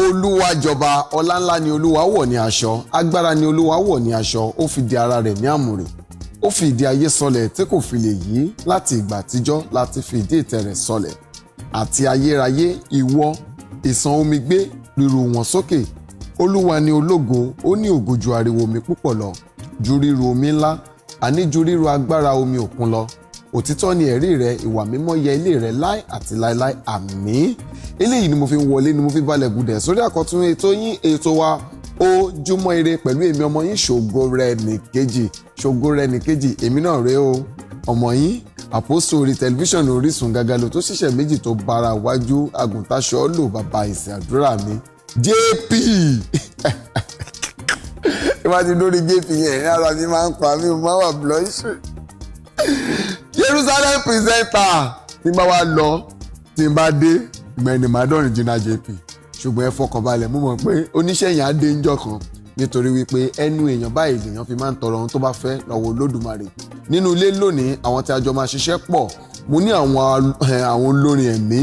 olúwa jọba ọláńlá ni olúwa wọ̀ ní aṣọ agbára ni olúwa wọ̀ ní aṣọ ó fìdí ara rẹ̀ ní àmùrè ó fi ìdí ayé sọlẹ̀ tí kò fi lè yí láti ìgbà àtijọ́ láti fi ìdí ìtẹ́ rẹ̀ sọlẹ̀ àti ayérayé ìwọ ìsàn omi gbé ríru wọn sókè olúwa ni ológo ó ní ògo ariwo omi púpọ̀ lọ ju ríru omi ńlá àní ju ríru agbára omi òkun lọ òtítọ́ ni ẹ̀rí rẹ ìwà mímọ́ yẹ ilé rẹ láì àti láíláí àmín eléyìí ni mo fi ń wọlé ni mo fi balẹ̀ gùdẹ̀ sórí àkọ́tún ètò yín ètò wa ojúmọ́ ire pẹ̀lú èmi ọmọ yín Ṣògorẹnìkejì Ṣògorẹnìkejì èmi náà rèé o ọmọ yín àpòsò orí tẹlifíṣàn Orísun gàgàlò tó ṣiṣẹ́ méjì tó bára wájú agùntàṣọ lò bàbá ìsìn àdúrà mi JP ìwádìí lórí JP yẹn ara mi máa ń pa mi ò máa wà blush Jerusalem presenter tí n bá wa lọ tí n bá dé ìgbẹ́ni màdọ́rin jìnnà JP ṣùgbọ́n ẹ fọkàn balẹ̀ mo mọ̀ pé oníṣẹ́ yẹn á dé ńjọ́ kan nítorí wípé ẹnu èèyàn báyìí lèèyàn fi máa ń tọrọ ohun tó bá fẹ́ lọ́wọ́ olódùmarè nínú ilé lónìí àwọn tí a jọ máa ṣiṣẹ́ pọ̀ mo ní àwọn àwọn olórin ẹ̀mí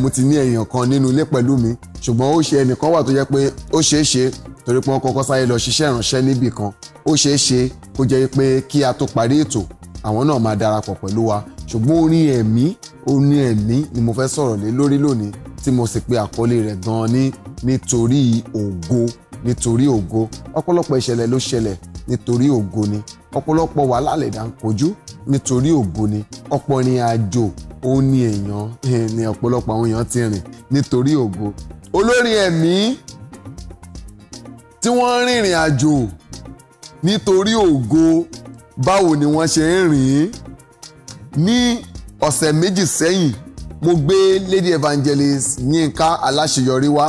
mo ti ní èèyàn kan nínú ilé pẹ̀lú mi ṣùgbọ́n ó ṣe ẹnìkan wà tó jẹ́ pé ó ṣeé ṣe torí pé wọ́n kọ́kọ́ sáré lọ ṣiṣẹ́ ìrànṣẹ́ níbì kan ó ṣeé ṣe kó jẹ́ pé kí a tó parí ètò àwọn náà máa darapọ̀ pẹ̀lú wa ṣùgbọ́n orin ẹ̀mí orin ẹ̀mí ni mo fẹ́ sọ̀rọ̀ lé lórí lónìí tí mo sì pe àkọlé rẹ̀ gan-an ní nítorí ògo nítorí ògo ọ̀pọ̀lọpọ̀ ìṣẹ̀lẹ̀ ló ṣẹlẹ̀ nítorí ògo ni ọ̀pọ̀lọpọ̀ wàhálà lẹ̀dá ń kojú nítorí ògo ni ọ̀pọ̀ ìrìn àjò ó ní èèyàn eh, ní ọ̀pọ̀lọpọ̀ àwọn èèyàn ti rìn nítorí ògo olórin ẹ̀mí tí wọ́n rìnrìn àjò nítorí ògo báwo ni wọ́n ṣe ń rìn ní ọ̀sẹ̀ méjì sẹ́yìn mo gbé lady evangelist Yínká Aláṣeyọrí wá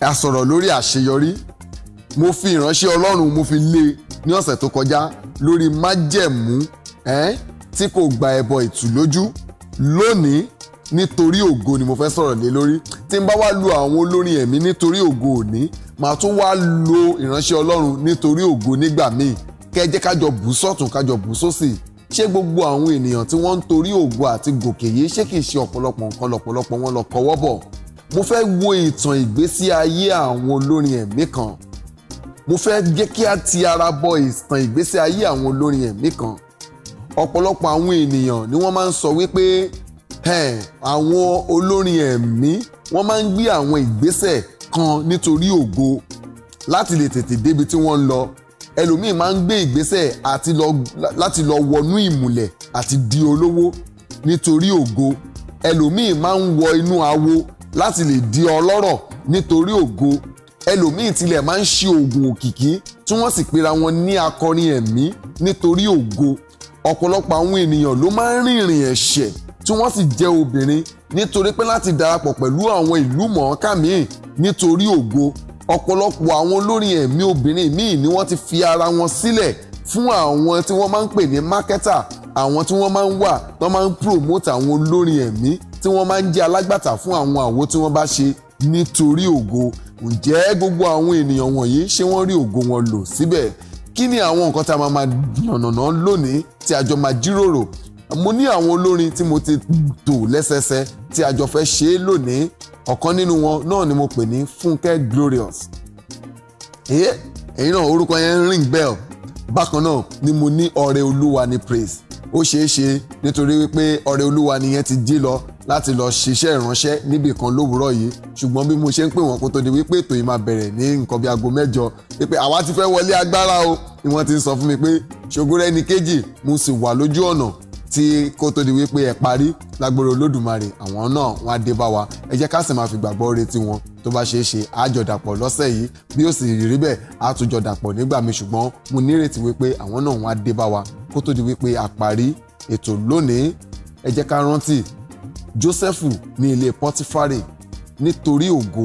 a sọ̀rọ̀ lórí àṣeyọrí mo fi ìránṣẹ́ Ọlọ́run mo fi lé e ní ọ̀sẹ̀ tó kọjá lórí májẹ̀mú eh? tí kò gba ẹbọ ìtùlójú lónìí nítorí ògo ni mo fẹ́ sọ̀rọ̀ lé lórí tí n bá wá lu àwọn olórin ẹ̀mí nítorí ògo òní màá tún wá lo ìránṣẹ́ Ọlọ́run nítorí ògo nígbà míì kẹ́ jẹ́ kájọ bù sọ́tún kájọ bù sósì ṣé gbogbo àwọn ènìyàn tí wọ́n ń torí ògo àti gòkè yìí ṣé kìí ṣe ọ̀pọ̀lọpọ̀ nǹkan lọ̀pọ̀lọpọ̀ wọn lọ kọwọ́ bọ̀ mo fẹ́ wo ìtàn ìgbésí ayé àwọn olórin ẹ̀mí kan mo fẹ́ jẹ́ kí a ti ara bọ ìtàn ìgbésí ayé àwọn olórin ẹ̀mí kan ọ̀pọ̀lọpọ̀ àwọn ènìyàn ni wọ́n máa ń sọ wípé àwọn olórin ẹ̀mí wọ́n máa ń gbé àwọn ìgbésẹ̀ kan nítorí ògo láti lè tètè débi tí wọ́n ń lọ ẹlòmíì máa ń gbé ìgbésẹ̀ láti lọ wọnú ìmùlẹ̀ àti di olówó nítorí ògo ẹlòmíì máa ń wọ inú awo láti lè di ọlọ́rọ̀ nítorí ògo ẹlòmíì tilẹ̀ máa ń ṣe oògùn òkìkí tí wọ́n sì pera wọn ní akọrin ẹ̀mí nítorí ògo ọ̀pọ̀lọpọ̀ àwọn ènìyàn ló máa ń rìnrìn ẹ̀ṣẹ̀ tí wọ́n sì jẹ́ obìnrin nítorí pé láti darapọ̀ pẹ̀lú àwọn ìlú mọ̀ọ́ká míì nítorí ògo ọ̀pọ̀lọpọ̀ àwọn olórin ẹ̀mí obìnrin míì ni wọ́n ti fi ara wọn sílẹ̀ fún àwọn tí wọ́n máa ń pè ní mákẹ́tà àwọn tí wọ́n máa ń wà tó máa ń promote àwọn olórin ẹ̀mí tí wọ́n máa ń jẹ́ alágbàtà fún àwọn àwo tí wọ́n bá ṣe nítorí ògo ǹjẹ́ gbogbo àwọn ènìyàn wọ̀nyí ṣé wọ́n rí ògo wọn lò síbẹ̀ kí ni àwọn nǹkan tá a máa máa yànnàná lónìí tí a máa jíròrò mo ní àwọn olórin tí mo ti tò lẹ́sẹsẹ tí a jọ fẹ́ ṣe é lónìí ọ̀kan nínú wọn náà ni mo pè ní Fúnkẹ́ Glorious èyí èyí náà orúkọ yẹn ring bell bákan náà ni mo ní ọrẹ olúwa ní praise ó ṣeé ṣe nítorí wípé ọrẹ olúwa nìyẹn ti jí lọ láti lọ ṣiṣẹ́ ìránṣẹ́ níbì kan lówùúrọ̀ yìí ṣùgbọ́n bí mo ṣe ń pè wọ́n kó tó di wípé ètò yìí máa bẹ̀rẹ̀ ní nǹkan bí aago mẹ́jọ pé àwa ti fẹ́ wọlé agbára o ni wọ́n ti sọ fún mi pé ṣògo rẹ ní kejì mo sì wà lójú ọ̀nà tí kó tó di wípé ẹ parí lágbóró olódùmarè àwọn náà wọn á dé bá wa ẹ jẹ́ ká sì máa fi gbàgbọ́ retí wọn tó bá ṣeé ṣe àjọdàpọ̀ lọ́sẹ̀ yìí bí ó sì rí bẹ́ẹ̀ àtúnjọdàpọ̀ nígbà mi ṣùgbọ́n mo nírètí wípé àwọn náà wọn á dé bá wa kó tó di wípé a parí ètò lónìí ẹ jẹ́ ká rántí Jósẹ́fù ní ilé Pọ́tífárì nítorí ògo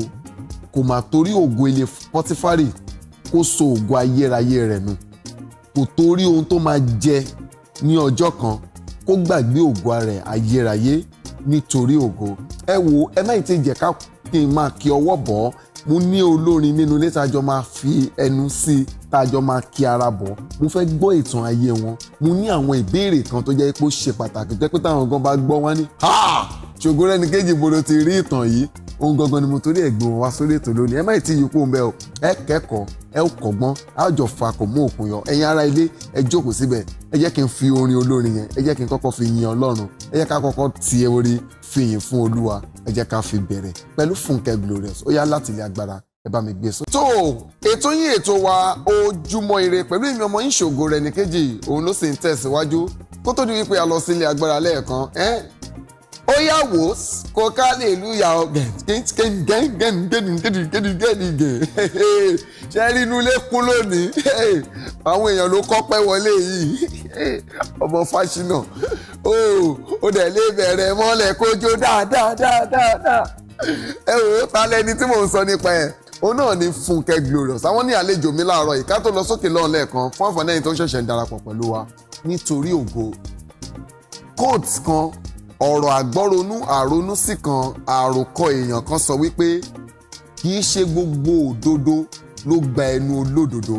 kò mà torí ògo ilé Pọ́tífárì kó so ògo ayérayé rẹ̀ nù kò torí ohun tó máa jẹ ní ọjọ́ kan kó gbàgbé ògo ara ẹ̀ ayérayé nítorí ògo ẹ wo ẹ má ti jẹ́ ká kí n máa kí ọwọ́ bọ̀ mo ní olórin nínú ilé tájọ máa fi ẹnu sí i tájọ máa kí ara bọ̀ mo fẹ́ gbọ́ ìtàn ayé wọn mo ní àwọn ìbéèrè kan tó jẹ́ pé ó ṣe pàtàkì tó pé táwọn gan bá gbọ́ wọn ní ha ṣògo rẹ́ni kéjì bolo ti rí ìtàn yìí ohun gangan ni mo torí ẹ̀ gbọ́n wá sórí ètò lónìí ẹ má tí ì yípo ń bẹ o ẹ kẹ́kọ̀ọ́ ẹ ó kọ́gbọ́n a ó jọ fa kò mú òkun yọ ẹ̀yin ará ilé ẹ jókòó síbẹ̀ ẹ jẹ́ kí n fi orin olórin yẹn ẹ jẹ́ kí n kọ́kọ́ fi yin ọlọ́run ẹ jẹ́ ká kọ́kọ́ ti orin fi yìn fún olúwa ẹ jẹ́ ká fi bẹ̀rẹ̀ pẹ̀lú Fúnkẹ́ Glorious ó yá láti ilé agbára ẹ bá mi gbé e so. tó ètò yín ètò wa ojúmọ́ ire pẹ̀lú èmi ọmọ yín ṣògo rẹ̀ nìkejì òun ló sì ń tẹ̀síwájú kó tó di wípé a lọ sílé agbára lẹ́ẹ̀kan ẹ́ ó yà wò ó kó ká lè lu ìyàwó gẹ̀ǹgẹ̀ǹgẹ̀ǹgẹ̀ǹgẹ̀ǹgẹ̀ǹgẹ̀ ṣe rí inú ilé kún lónìí àwọn èèyàn ló kọ́pẹ́ wọlé yìí ọmọ fásinà ó dẹ̀ lè bẹ̀rẹ̀ mọ́lẹ̀ kójó dáadáa dáadáa ẹ wò ó ta lẹni tí mò ń sọ nípa ẹ̀ òun náà ni Fúnkẹ́ Glorious àwọn ní àlejò mi láàárọ̀ yìí ká tó lọ sókè lọ́hùn lẹ́ẹ̀kan fún àǹfààní ẹ̀yin tó ń ṣẹ̀ṣẹ̀ ń darapọ̀ pẹ̀lú wa nítorí ògo codes kan ọ̀rọ̀ àgbọ́ronú àronú sí kan àròkọ èèyàn kan sọ wípé kì í ṣe gbogbo òdodo ló gba ẹnu olódodo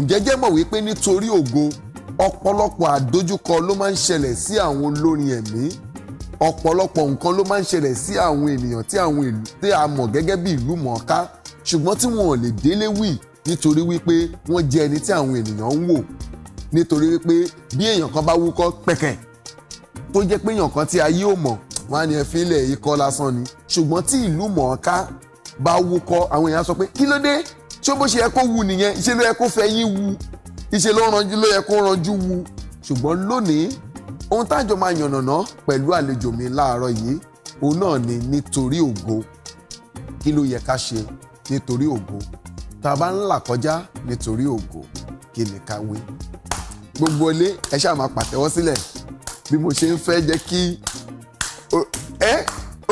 ǹjẹ́ jẹ́ mọ̀ wípé nítorí ògo ọ̀pọ̀lọpọ̀ àdójúkọ ló máa ń ṣẹlẹ̀ sí àwọn olórin ẹ̀mí ọ̀pọ̀lọpọ̀ nǹkan ló máa ń ṣẹlẹ̀ sí àwọn ènìyàn tí àwọn ìlú tí a mọ̀ gẹ́gẹ́ bí ìlú mọ̀ọ́ká ṣùgbọ́n tí wọn ò lè délé wì nítorí wípé wọ́n jẹ́ ẹni tí àwọn ènìyàn ń wò nítorí wípé bí èèyàn kan bá wúkọ́ pẹ̀kẹ̀ tó jẹ́ pé èèyàn kan tí ayé ò mọ̀ wọ́n á ní ẹ fílẹ̀ ikọ́ lásán ni ṣùgbọ́n tí ìlú mọ̀ọ́ká bá wúkọ́ àwọn èèyàn sọ pé kí ló dé ṣé bó ṣe yẹ kó wù nìyẹn ìṣe ló yẹ kó fẹ́ yín wu ìṣe ló yẹ kó ranjú wu ṣùgbọ́n lónìí ohun tájọ máa yànnàná pẹ̀lú àlejò mi láàárọ̀ yìí òun náà ni nítorí ògo kí ló yẹ ká ṣe nítorí ògo tá a bá ń là kọjá nítorí ògo kí ni ká wí gbogbo ilé ẹ ṣáà máa pàtẹ́wọ́ sílẹ̀ bí mo ṣe ń fẹ́ jẹ́ kí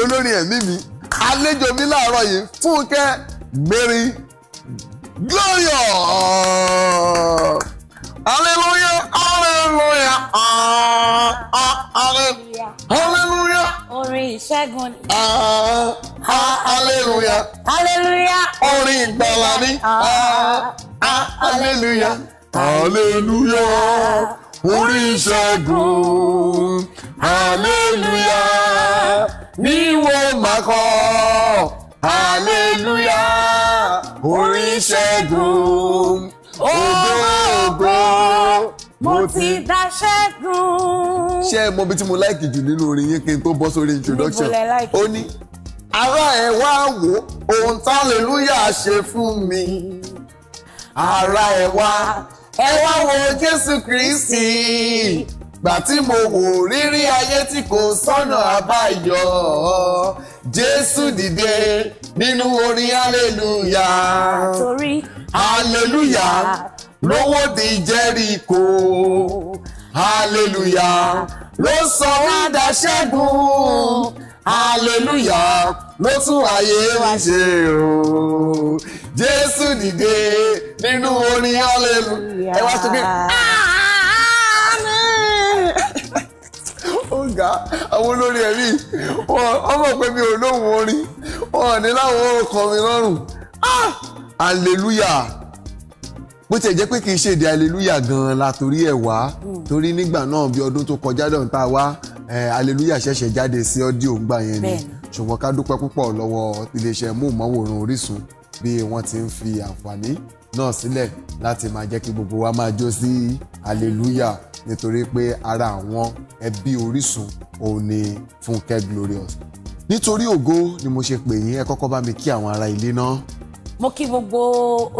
olórin ẹ̀mí mi àlejò mi láàárọ̀ yìí Fúnkẹ́ Mary Glorious hallelujah ah, ah, ah, hallelujah hallelujah orin ìṣẹ́gun ni hallelujah hallelujah orin ìgbàlà ni hallelujah hallelujah oríṣẹ́gun hallelujah ni wọ́n máa kọ́ hallelujah oríṣẹ́gun ògbóògbó mo ti dá ṣẹ́gun. ṣé ẹ mọ ibi tí mo láìkì jù nínú orin yín kí n tó bọ́ sórí introduction ó ní ará ẹ wá wò ohun tálẹ́lúyà ṣe fún mi ará ẹ wá ẹ wá wo jésù kristi gbà tí mo wò rírí ayé tí kò sọ́nà àbáyọ jésù dìde nínú orin hallelujah torí hallelujah lówó di jẹ́ríkò hallelujah ló sọ wá dáṣẹ́gun hallelujah ló tún ayé wa ṣe o. Jésù dìde nínú orin hallelujah ẹ wá sọ pé ọ̀gá àwọn olórí ẹ̀rí ọmọ pé mi ò lóhùn orin wọn ní láwọn orúkọ mi lọ́rùn ah! hallelujah bó tiẹ̀ jẹ́ pé kì í ṣèdè hallelujah gan-an la torí ẹ̀ wá hmm. torí nígbà náà bí ọdún tó kọjá dọ̀n tá a wá hallelujah ṣẹ̀ṣẹ̀ jáde sí ọ́díò ńgbà yẹn ni ṣùgbọ́n ká dúpẹ́ púpọ̀ lọ́wọ́ iléeṣẹ́ móhùnmáwòrán Orísun bí wọ́n ti ń fi àǹfààní náà sílẹ̀ láti máa jẹ́ kí gbogbo wa máa jó sí hallelujah nítorí pé ara àwọn ẹbí Orísun òun ni Fúnkẹ́ Glorious nítorí ògo ni mo ṣe pè yín ẹ kọ́kọ́ bá mi kí àwọn ará ilé náà mo kí gbogbo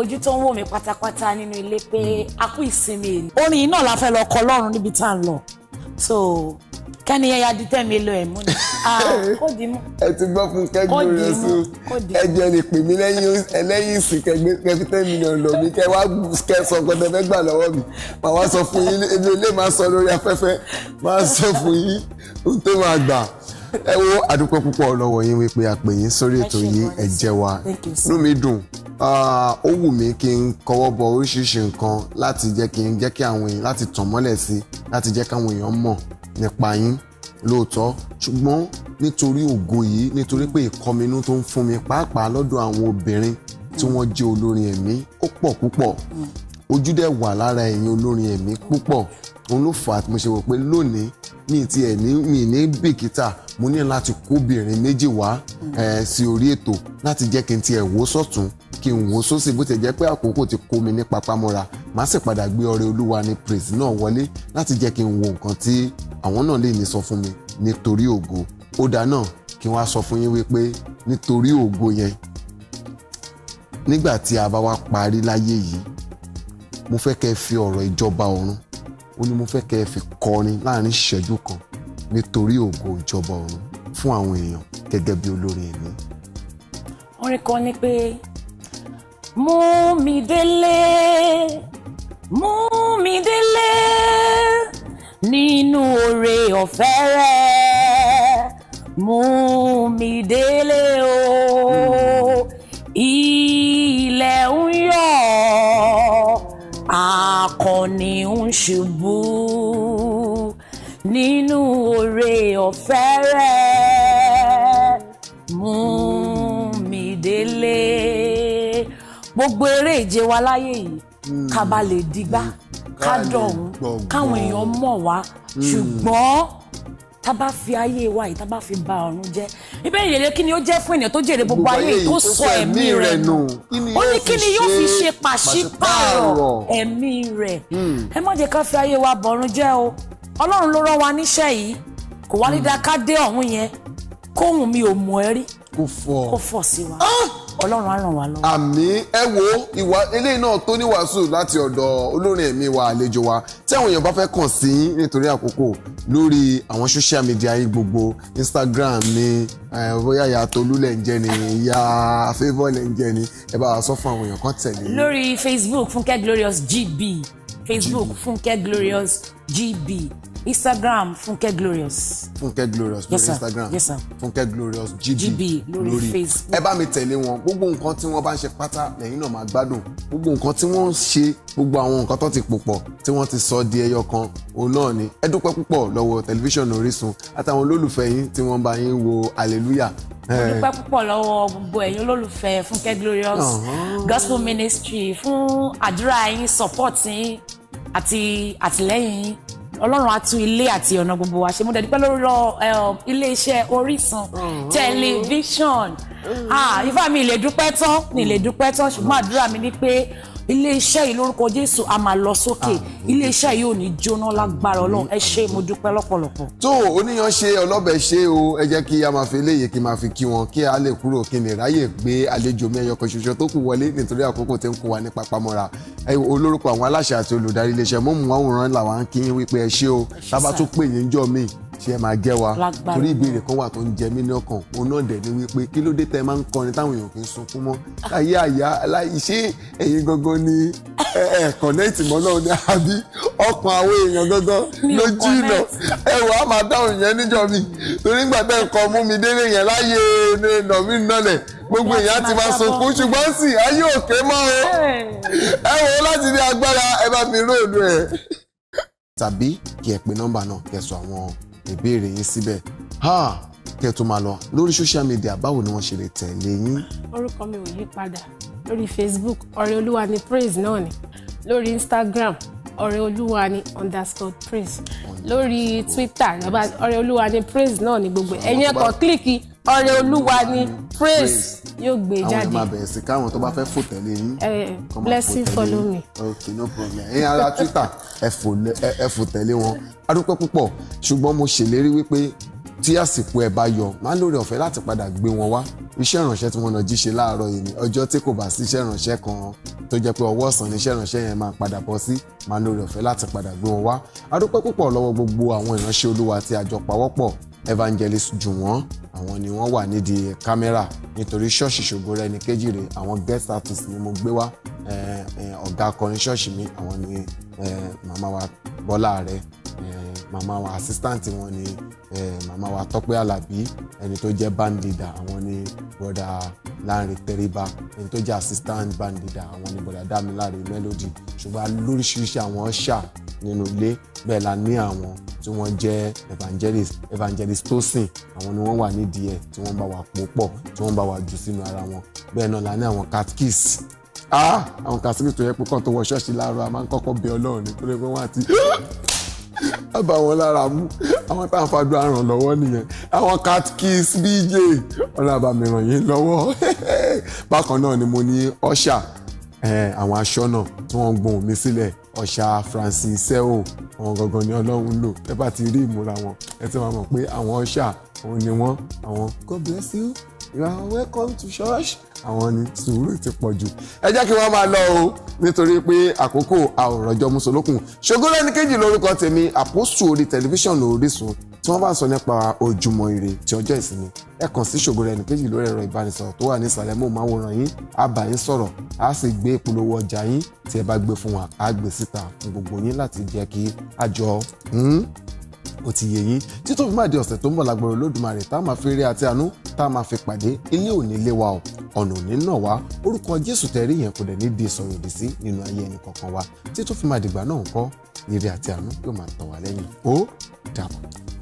ojú tó ń wò mí pátápátá nínú ilé pé a kú ìsinmi èyí orin náà la fẹ́ lọ kọ lọ́run níbi tá à ń lọ so kẹ́ni yẹn ya di tẹ́mi lọ ẹ̀ mú ni ah, ẹ ti gbọ́ fún kẹ́gbẹ́ rẹ sùn ẹjọ́ lè pè mí lẹ́yìn ìsìn kẹgbẹ́ kẹfí lọ mi kẹ wá kẹ sọ nǹkan tẹ́fẹ́ gbà lọ́wọ́ mi mà wá sọ fún yín ebi olè máa sọ lórí afẹ́fẹ́ máa sọ fún yín ohun tó máa gbà ẹ wo àdúpẹ́ púpọ̀ lọ́wọ́ yín wípé a pè yín sórí ètò yìí ẹ jẹ́ wa inú mi dùn ah, ó wù mí kí n kọwọ́ bọ oríṣiríṣi nǹkan láti jẹ́ kí n jẹ́ kí àwọn èèyàn láti tàn mọ́lẹ̀ sí láti jẹ́ káwọn èèyàn mọ̀ nípa yín lóòótọ́ ṣùgbọ́n nítorí ògo yìí nítorí pé ìkọminú tó ń fún mi pàápàá lọ́dọ̀ àwọn obìnrin tí wọ́n jẹ́ olórin ẹ̀mí ó pọ̀ púpọ̀ ojú dẹ̀ wà lára ẹ̀yin olórin ẹ̀mí púpọ̀ òun ló fà á mo ṣe wò pé lónìí mi ti ẹ̀ ní mi ní bìkítà mo ní láti kóbìnrin méjì wá sí orí ètò láti jẹ́ kí n tiẹ̀ wò sọ̀tún kí n wò sósì bó ti jẹ́ pé àkókò ti kó mi ní papámọ́ra màá sì padà gbé ọrẹ olúwa ní praise náà wọlé láti jẹ́ kí n wo nǹkan tí àwọn náà lè ní sọ fún mi nítorí ògo ó dá náà kí wọ́n á sọ fún yín wípé nítorí ògo yẹn nígbà tí a bá wá parí láyé yìí mo fẹ́ kẹ́ ẹ fi ọ̀rọ̀ ìjọba ọ̀run ó ní mo fẹ́ kẹ́ ẹ fi kọrin láàrin ìṣẹ́jú kan nítorí ògo ìjọba ọ̀run fún àwọn èèyàn gẹ́gẹ́ bí olórin ẹ̀mí. orin kan ni pé mú mi délé mú mi délé nínú oore ọ̀fẹ́ rẹ̀ mú mi délé o ilẹ̀ ń yọ̀ akọni ń ṣubú nínú oore ọ̀fẹ́ rẹ̀ mú mi délé gbogbo eré ìje wa láyé yìí ká bá lè digbá. Mm kádọ̀hún káwọn èèyàn mọ̀ wá hmm. ṣùgbọ́n tá bá fi ayé wa yìí tá bá fi ba ọ̀run jẹ́ ibẹ̀ ìrèlè kí ni ó jẹ́ fún ènìyàn tó jèrè gbogbo ayé yìí tó sọ ẹ̀mí rẹ̀ nù ó ní kí ni yóò fi ṣe pàṣípààrọ̀ ẹ̀mí rẹ̀ hmm. ẹ má jẹ́ ká fi ayé wa bọ̀run jẹ́ o ọlọ́run ló rán wa níṣẹ́ yìí kò wá ní hmm. dáká dé ọ̀hún yẹn kóhùn mi ò mọ̀ ẹ́ rí kò fọ̀ sí wa. Ah! ọlọ́run á ràn wá lọ́wọ́. àmín ẹ wo ìwà eléyìí náà tó níwàásù láti ọ̀dọ̀ olórin ẹ̀mí wa àlejò wa tí àwọn èèyàn bá fẹ́ kàn sí nítorí àkókò lórí àwọn social media yìí gbogbo Instagram ni bóyá ìyá Tolú lẹ̀ ń jẹ́ ni ìyá Favour lẹ̀ ń jẹ́ ni ẹ bá wa sọ fún àwọn èèyàn kan tẹ̀lé. lórí Facebook Fúnkẹ́ Glorious GB Facebook Fúnkẹ́ Glorious GB instagram funke glorious. funke glorious lórí yes, instagram yes, funke glorious gb, GB lórí facebook. ẹ bá mi tẹ̀lé wọn gbogbo nǹkan tí wọ́n bá ń ṣe pátá lẹ́yìn náà máa gbádùn gbogbo nǹkan tí wọ́n ń ṣe gbogbo àwọn nǹkan tó ti pò pọ̀ tí wọ́n ti sọ di ẹyọ kan òun náà ni ẹ dúpẹ́ púpọ̀ lọ́wọ́ tẹlifíṣàn Orísun àtàwọn olólùfẹ́ yín tí wọ́n bá yín wo hallelujah dúpẹ́ púpọ̀ lọ́wọ́ gbogbo ẹ̀yin olólùfẹ́ Fúnkẹ́ Glorious Gospel Ministry fún àdúrà yín support yín àti àtìlẹ́yìn yín ọlọ́run á tú ilé àti ọ̀nà gbogbo wa ṣe mo dẹ̀dí pẹ́ lórí iléeṣẹ́ Orísun mm-hmm. tẹlifíṣọ̀n mm-hmm. ah, ifá mi lè dúpẹ́ tán mi lè dúpẹ́ tán ṣùgbọ́n àdúrà mi ni pé iléeṣẹ́ yìí lórúkọ Jésù a máa lọ sókè ah, iléeṣẹ́ yìí ò ní jóná lágbára Ọlọ́run ẹ ṣé mo dúpẹ́ lọ́pọ̀lọpọ̀. tó oníyan ṣe ọlọ́bẹ̀ ṣe o ẹ jẹ́ kí a máa fi eléyìí kí a máa fi kí wọn kí a lè kúrò kí n lè ráyè gbé àlejò mi ẹyọ kan ṣoṣo tó kù wọlé nítorí àkókò tí ń kó wa ní papamọ́ra olórúkọ àwọn aláṣẹ àti olùdarí iléeṣẹ́ mọ́mú wọn làwọn kí wípé ẹ ṣé o tábà tó pè yín jọ míì ṣe máa jẹ́ wa torí ìbéèrè kan wà tó ń jẹ mí ní ọkàn òun náà dẹ̀ ni wípé kí ló dé tẹ máa ń kọrin táwọn èèyàn kì í sunkún mọ́ ayé àyà aláìṣe ẹ̀yin gangan ni ẹ kọ̀nẹ́ẹ̀tì mọ́ náà ni àbí ọkàn àwọn èèyàn gangan lójú ìnà ẹ wà máa dáhùn yẹn níjọ mi torí gbà tẹ́ nǹkan mú mi délé yẹn láyé ẹ̀nà mi nọlẹ̀ gbogbo èèyàn ti máa sunkún ṣùgbọ́n sì ayé òkè mọ́ o láti ìbéèrè yín síbẹ̀ kẹ́ ẹ tó máa lọ lórí social media báwo ni wọ́n ṣe lè tẹ̀lé yín. orúkọ mi ò yí padà lórí Facebook ọ̀rẹ́ olúwa ni praise náà ni lórí Instagram ọ̀rẹ́ olúwa ni underscore praise lórí Twitter ọ̀rẹ́ olúwa ni praise náà ni gbogbo ẹ̀yin ẹ̀kọ́ kílìkì ọ̀rẹ́ olúwa ni praise yóò gbé jáde àwọn ẹ̀ máa bẹ̀rẹ̀ sí káwọn tó bá fẹ́ fò tẹ̀lé yín blessing follow me ok no problem ẹ̀yin ara twitter ẹ fò tẹ̀lé wọn a dúpẹ́ púpọ̀ ṣùgbọ́n mo ṣèlérí wípé tí àsìkò ẹ̀ bá yọ máa ń lóore ọ̀fẹ́ láti padà gbé wọn wá iṣẹ́ ìrànṣẹ́ tí wọ́n lọ jíṣe láàárọ̀ yìí ni ọjọ́ tí kò bá sí iṣẹ́ ìrànṣẹ́ kan tó jẹ́ pé ọwọ́ ọ̀sán ni iṣẹ́ ìrànṣẹ́ yẹn máa padà bọ́ sí máa ń lóore ọ̀fẹ́ láti padà gbé wọn wá a púpọ̀ lọ́wọ́ gbogbo àwọn ìránṣẹ́ olúwa tí a pawọ́pọ̀ Evangelist Jùwọ́n àwọn ni wọ́n wà nídìí kámẹ́rà nítorí ṣọ́ọ̀ṣì ṣògo rẹ̀ ní kéjìrè àwọn guest artist ni mo gbé wá ọ̀gá akọrin ṣọ́ọ̀ṣì mi àwọn ni màmá wa Bọ́lá rẹ̀ màmá wa assistant wọn ni màmá wa Tọ́pẹ́ Àlàbí ẹni tó jẹ́ band leader àwọn ni broda Lánrè Teriba. ẹni tó jẹ́ assistant band leader àwọn ni broda Dámiláre Melody ṣùgbọ́n lóríṣiríṣi àwọn ṣà nínú ilé bẹ́ẹ̀ la ní àwọn tí wọ́n jẹ́ evangelist evangelist Tosin àwọn ni wọ́n wà nídìí ẹ̀ tí wọ́n bá wa pò pọ̀ tí wọ́n bá wa jù sínú ara wọn bẹ́ẹ̀ náà la ní àwọn catechists ah àwọn catechists tó yẹ pé kàn tó wọ ṣọ́ọ̀ṣì láàárọ̀ a máa ń kọ́kọ́ bẹ Ọlọ́run ní pé wọ́n àti bá wọn lára mú àwọn tá à ń fàdúrà ràn lọ́wọ́ nìyẹn àwọn catechists bj ọ̀nà àbàmì ràn yín lọ́wọ́ bákan náà ni mo ní ọ̀ṣà eh, àwọn aṣọ́nà tí wọ́n gbọ́n mi sílẹ̀ ọ̀ṣà Francis seo àwọn gangan ni ọlọ́run lò ẹ bá ti rí ìmúra wọn ẹ ti máa mọ̀ pé àwọn ọ̀ṣà òun ni wọ́n àwọn God bless you you are welcome to church àwọn ni sùúrù ti pọ̀ jù ẹ jẹ́ kí wọ́n máa lọ o nítorí pé àkókò àwòrán jọmúsolókun ṣògo lẹ́ni kejì lórúkọ tèmi àpòsù orí tẹlifíṣàn Orísun tí wọ́n bá sọ nípa ojúmọ́ ire ti ọjọ́ ìsinmi ẹ kàn sí ṣògòrò ẹnì kejì lórí ẹ̀rọ ìbánisọ̀rọ̀ tó wà ní ìsàlẹ̀ móhùnmáwòrán yín á bá yín sọ̀rọ̀ á sì gbé ìpolówó ọjà yín tí ẹ bá gbé fún wa á gbé síta fún gbogbo yín láti jẹ́ kí àjọ hmm, ó ti yé yín tí tó fi máa di ọ̀sẹ̀ tó ń bọ̀ lágbọ̀rọ̀ Olódùmarè tá a máa fi rí àti àánú tá a máa fi pàdé ilé òní lé wa o ọ̀nà òní náà wá orúkọ Jésù tẹ̀rí yẹn kò dẹ̀ ní di sí nínú ayé ẹnì kọ̀ọ̀kan wa tí tó fi náà ń kọ́ ire àti àánú yóò máa tàn wá lẹ́yìn ó dàbọ̀.